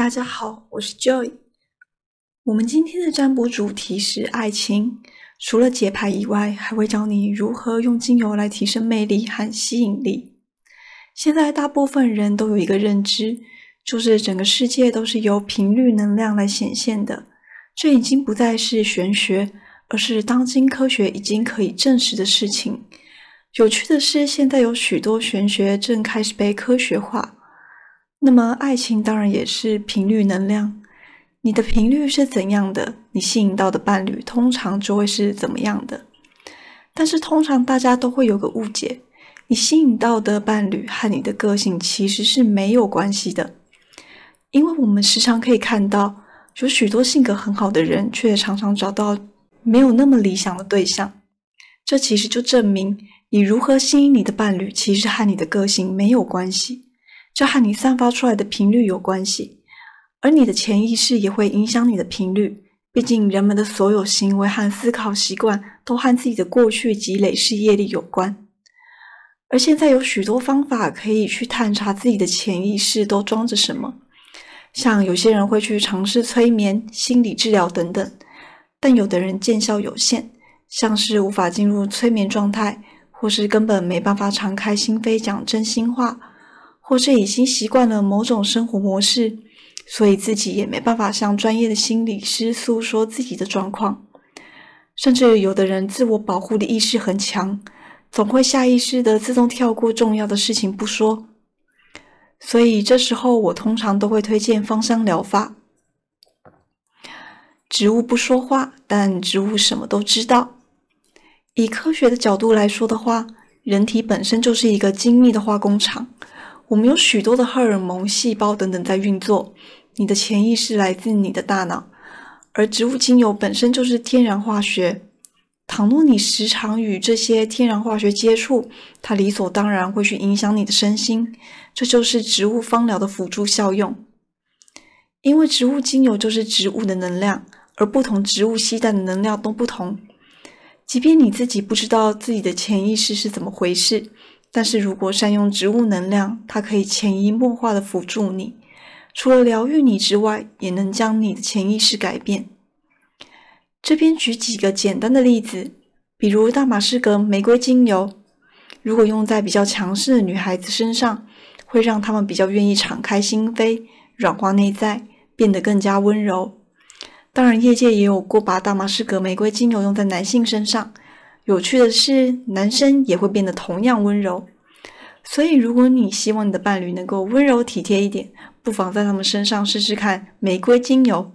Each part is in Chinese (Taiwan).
大家好，我是 Joey。我們今天的占卜主題是愛情，除了解牌以外，還會教你如何用精油來提升魅力和吸引力。現在大部分人都有一個認知，就是整個世界都是由頻率能量來顯現的。這已經不再是玄學，而是當今科學已經可以證實的事情。有趣的是，現在有許多玄學正開始被科學化。那麼，愛情當然也是頻率能量。你的頻率是怎樣的，你吸引到的伴侶通常就會是怎麼樣的。但是，通常大家都會有個誤解：你吸引到的伴侶和你的個性其實是沒有關係的。因為我們時常可以看到，有許多性格很好的人，卻常常找到沒有那麼理想的對象。這其實就證明，你如何吸引你的伴侶，其實和你的個性沒有關係。這和你散發出來的頻率有關係，而你的潛意識也會影響你的頻率。畢竟，人們的所有行為和思考習慣都和自己的過去及累世業力有關。而現在有許多方法可以去探查自己的潛意識都裝着什麼，像有些人會去嘗試催眠、心理治療等等，但有的人見效有限，像是無法進入催眠狀態，或是根本沒辦法敞開心扉講真心話。或是已經習慣了某種生活模式，所以自己也沒辦法向專業的心理師訴說自己的狀況。甚至有的人自我保護的意識很強，總會下意識的自動跳過重要的事情不說。所以這時候我通常都會推薦芳香療法。植物不說話，但植物什麼都知道。以科學的角度來說的話，人體本身就是一個精密的化工廠。我們有許多的荷爾蒙細胞等等在運作，你的潛意識來自你的大腦，而植物精油本身就是天然化學。倘若你時常與這些天然化學接觸，它理所當然會去影響你的身心，這就是植物芳療的輔助效用。因為植物精油就是植物的能量，而不同植物攜帶的能量都不同。即便你自己不知道自己的潛意識是怎麼回事。但是如果善用植物能量，它可以潛移默化的輔助你，除了療癒你之外，也能將你的潛意識改變。這邊舉幾個簡單的例子，比如大馬士革玫瑰精油，如果用在比較強勢的女孩子身上，會讓她們比較願意敞開心扉，軟化內在，變得更加溫柔。當然，業界也有過把大馬士革玫瑰精油用在男性身上。有趣的是，男生也會變得同樣溫柔。所以，如果你希望你的伴侶能夠溫柔體貼一點，不妨在他們身上試試看玫瑰精油。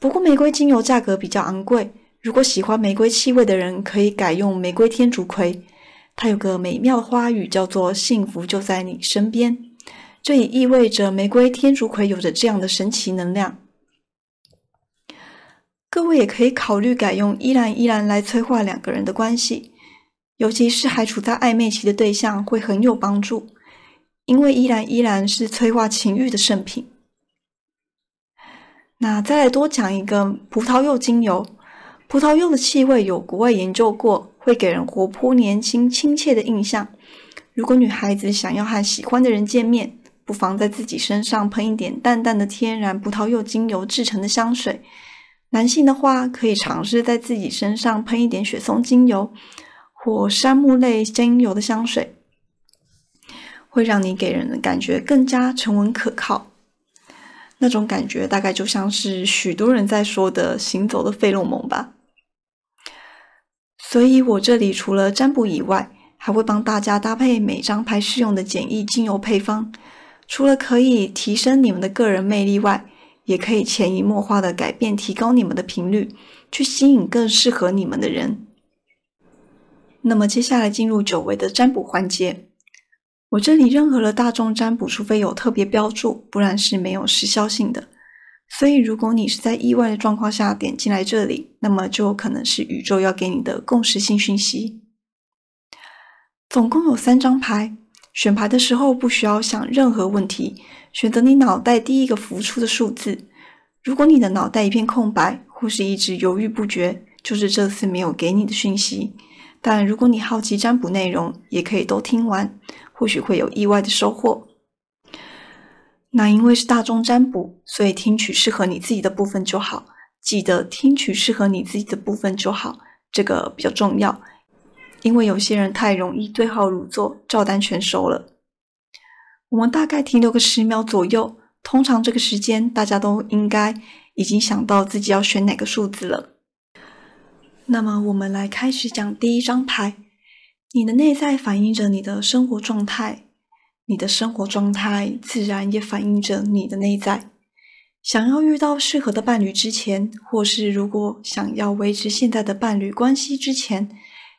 不過，玫瑰精油價格比較昂貴，如果喜歡玫瑰氣味的人，可以改用玫瑰天竺葵。它有個美妙花語，叫做“幸福就在你身邊”，這也意味着玫瑰天竺葵有着這樣的神奇能量。各位也可以考慮改用依蘭依蘭來催化兩個人的關係，尤其是還處在曖昧期的對象會很有幫助，因為依蘭依蘭是催化情欲的聖品。那再來多講一個葡萄柚精油，葡萄柚的氣味有國外研究過，會給人活潑、年輕、親切的印象。如果女孩子想要和喜歡的人見面，不妨在自己身上噴一點淡淡的天然葡萄柚精油制成的香水。男性的話，可以嘗試在自己身上噴一點雪松精油或杉木類精油的香水，會讓你給人的感覺更加沉穩可靠。那種感覺大概就像是許多人在說的“行走的費洛蒙”吧。所以，我這裡除了占卜以外，還會幫大家搭配每張牌適用的簡易精油配方，除了可以提升你們的個人魅力外，也可以潛移默化的改變、提高你們的頻率，去吸引更適合你們的人。那麼接下來進入久違的占卜環節。我這裡任何的大眾占卜，除非有特別標注，不然是沒有時效性的。所以如果你是在意外的狀況下點進來這裡，那麼就可能是宇宙要給你的共識性訊息。總共有三張牌，選牌的時候不需要想任何問題。選擇你腦袋第一個浮出的數字。如果你的腦袋一片空白，或是一直猶豫不決，就是這次沒有給你的訊息。但如果你好奇占卜內容，也可以都聽完，或許會有意外的收穫。那因為是大眾占卜，所以聽取適合你自己的部分就好。記得聽取適合你自己的部分就好，這個比較重要。因為有些人太容易對號入座，照單全收了。我們大概停留個十秒左右，通常這個時間大家都應該已經想到自己要選哪個數字了。那麼，我們來開始講第一張牌。你的內在反映着你的生活狀態，你的生活狀態自然也反映着你的內在。想要遇到適合的伴侶之前，或是如果想要維持現在的伴侶關係之前，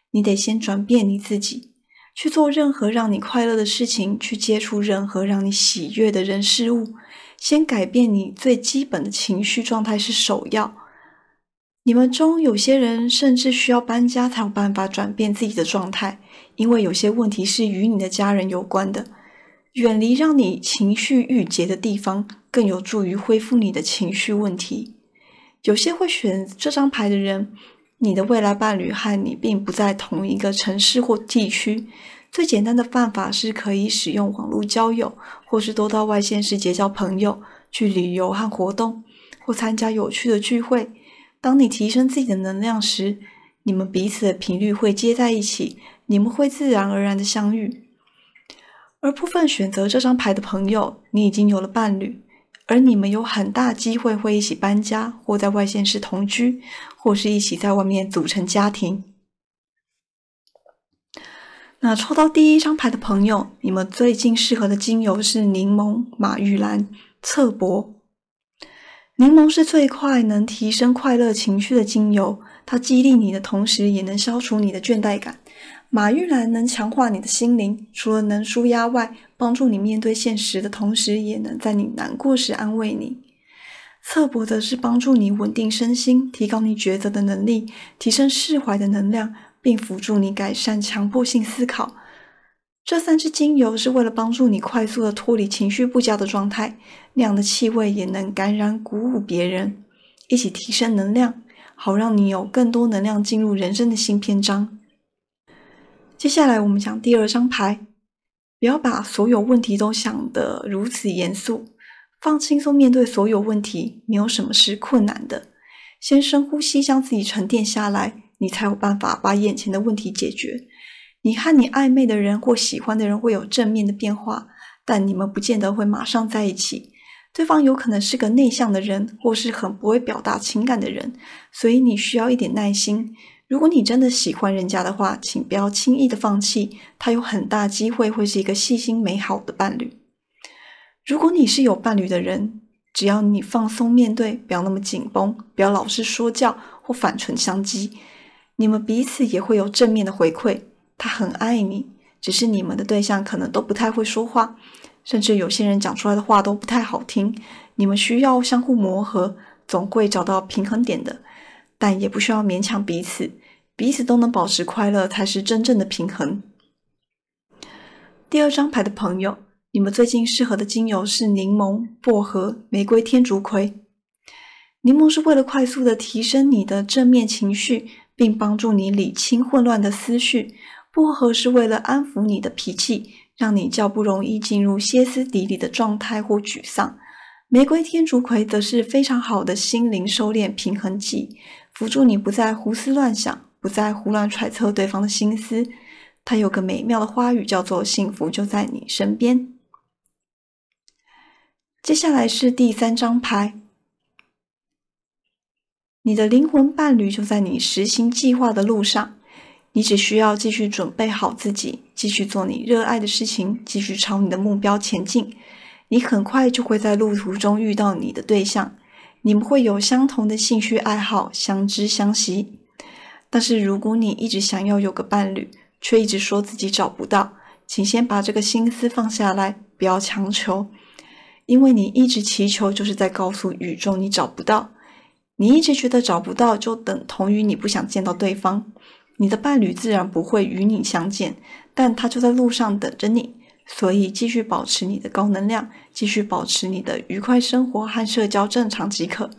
你得先轉變你自己。去做任何讓你快樂的事情，去接觸任何讓你喜悅的人事物。先改變你最基本的情緒狀態是首要。你們中有些人甚至需要搬家才有辦法轉變自己的狀態，因為有些問題是與你的家人有關的。遠離讓你情緒鬱結的地方，更有助於恢復你的情緒問題。有些會選這張牌的人，你的未來伴侶和你並不在同一個城市或地區，最簡單的辦法是可以使用網絡交友，或是多到外縣市結交朋友，去旅遊和活動，或參加有趣的聚會。當你提升自己的能量時，你們彼此的頻率會接在一起，你們會自然而然的相遇。而部分選擇這張牌的朋友，你已經有了伴侶。而你們有很大機會會一起搬家，或在外縣市同居，或是一起在外面組成家庭。那抽到第一張牌的朋友，你們最近適合的精油是檸檬、馬鬱蘭、側柏。檸檬是最快能提升快樂情緒的精油，它激勵你的同時，也能消除你的倦怠感。馬鬱蘭能強化你的心靈，除了能舒壓外，幫助你面對現實的同時，也能在你難過時安慰你。側柏則是幫助你穩定身心，提高你抉擇的能力，提升釋懷的能量，並輔助你改善強迫性思考。這三支精油是為了幫助你快速的脫離情緒不佳的狀態，那樣的氣味也能感染鼓舞別人，一起提升能量，好讓你有更多能量進入人生的新篇章。接下來我們講第二張牌，不要把所有問題都想得如此嚴肅，放輕鬆面對所有問題，沒有什麼是困難的。先深呼吸，將自己沉澱下來，你才有辦法把眼前的問題解決。你和你曖昧的人或喜歡的人會有正面的變化，但你們不見得會馬上在一起。對方有可能是個內向的人，或是很不會表達情感的人，所以你需要一點耐心。如果你真的喜歡人家的話，請不要輕易的放棄，他有很大機會會是一個細心美好的伴侶。如果你是有伴侶的人，只要你放鬆面對，不要那麼緊繃，不要老是說教或反唇相譏，你們彼此也會有正面的回饋。他很愛你，只是你們的對象可能都不太會說話，甚至有些人講出來的話都不太好聽。你們需要相互磨合，總會找到平衡點的，但也不需要勉強彼此，彼此都能保持快樂才是真正的平衡。第二張牌的朋友，你們最近適合的精油是檸檬、薄荷、玫瑰天竺葵。檸檬是為了快速地提升你的正面情緒，並幫助你理清混亂的思緒。薄荷是為了安撫你的脾氣，讓你較不容易進入歇斯底里的狀態或沮喪。玫瑰天竺葵則是非常好的心靈收斂平衡劑，輔助你不再胡思亂想，不再胡亂揣測對方的心思。它有個美妙的花語，叫做“幸福就在你身邊”。接下來是第三張牌，你的靈魂伴侶就在你實行計劃的路上。你只需要繼續準備好自己，繼續做你熱愛的事情，繼續朝你的目標前進。你很快就會在路途中遇到你的對象，你們會有相同的興趣愛好，相知相惜。但是，如果你一直想要有個伴侶，卻一直說自己找不到，請先把這個心思放下來，不要強求。因為你一直祈求就是在告訴宇宙你找不到。你一直覺得找不到，就等同於你不想見到對方。你的伴侶自然不會與你相見，但他就在路上等着你，所以繼續保持你的高能量，繼續保持你的愉快生活和社交正常即可。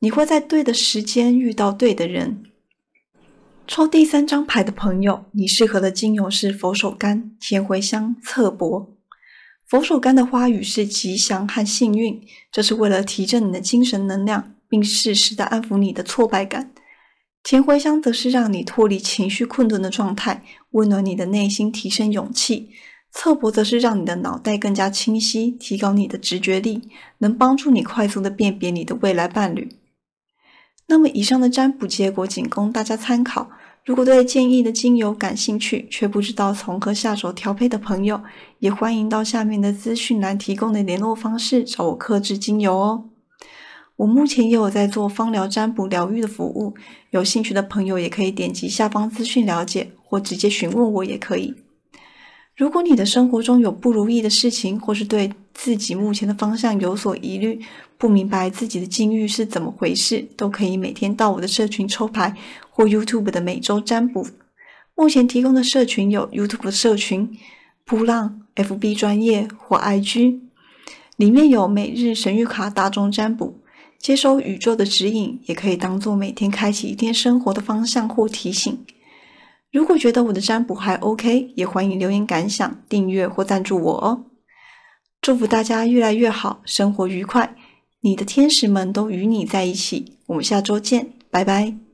你會在對的時間遇到對的人。抽第三張牌的朋友，你適合的精油是佛手柑、甜茴香、側柏。佛手柑的花語是吉祥和幸運，這是為了提振你的精神能量，並適時的安撫你的挫敗感。甜茴香則是讓你脫離情緒困頓的狀態，溫暖你的內心，提升勇氣；側柏則是讓你的腦袋更加清晰，提高你的直覺力，能幫助你快速的辨別你的未來伴侶。那麼，以上的占卜結果僅供大家參考。如果對建議的精油感興趣，卻不知道從何下手調配的朋友，也歡迎到下面的資訊欄提供的聯絡方式找我客製精油哦。我目前也有在做芳療、占卜、療癒的服務，有興趣的朋友也可以點擊下方資訊了解，或直接詢問我也可以。如果你的生活中有不如意的事情，或是對自己目前的方向有所疑慮，不明白自己的境遇是怎麼回事，都可以每天到我的社群抽牌，或 YouTube 的每周占卜。目前提供的社群有 YouTube 社群、噗浪 FB 專頁或 IG，裡面有每日神諭卡、大眾占卜。接收宇宙的指引，也可以當做每天開啟一天生活的方向或提醒。如果覺得我的占卜還 OK，也歡迎留言感想、訂閱或贊助我哦。祝福大家越來越好，生活愉快，你的天使們都與你在一起。我們下周見，拜拜。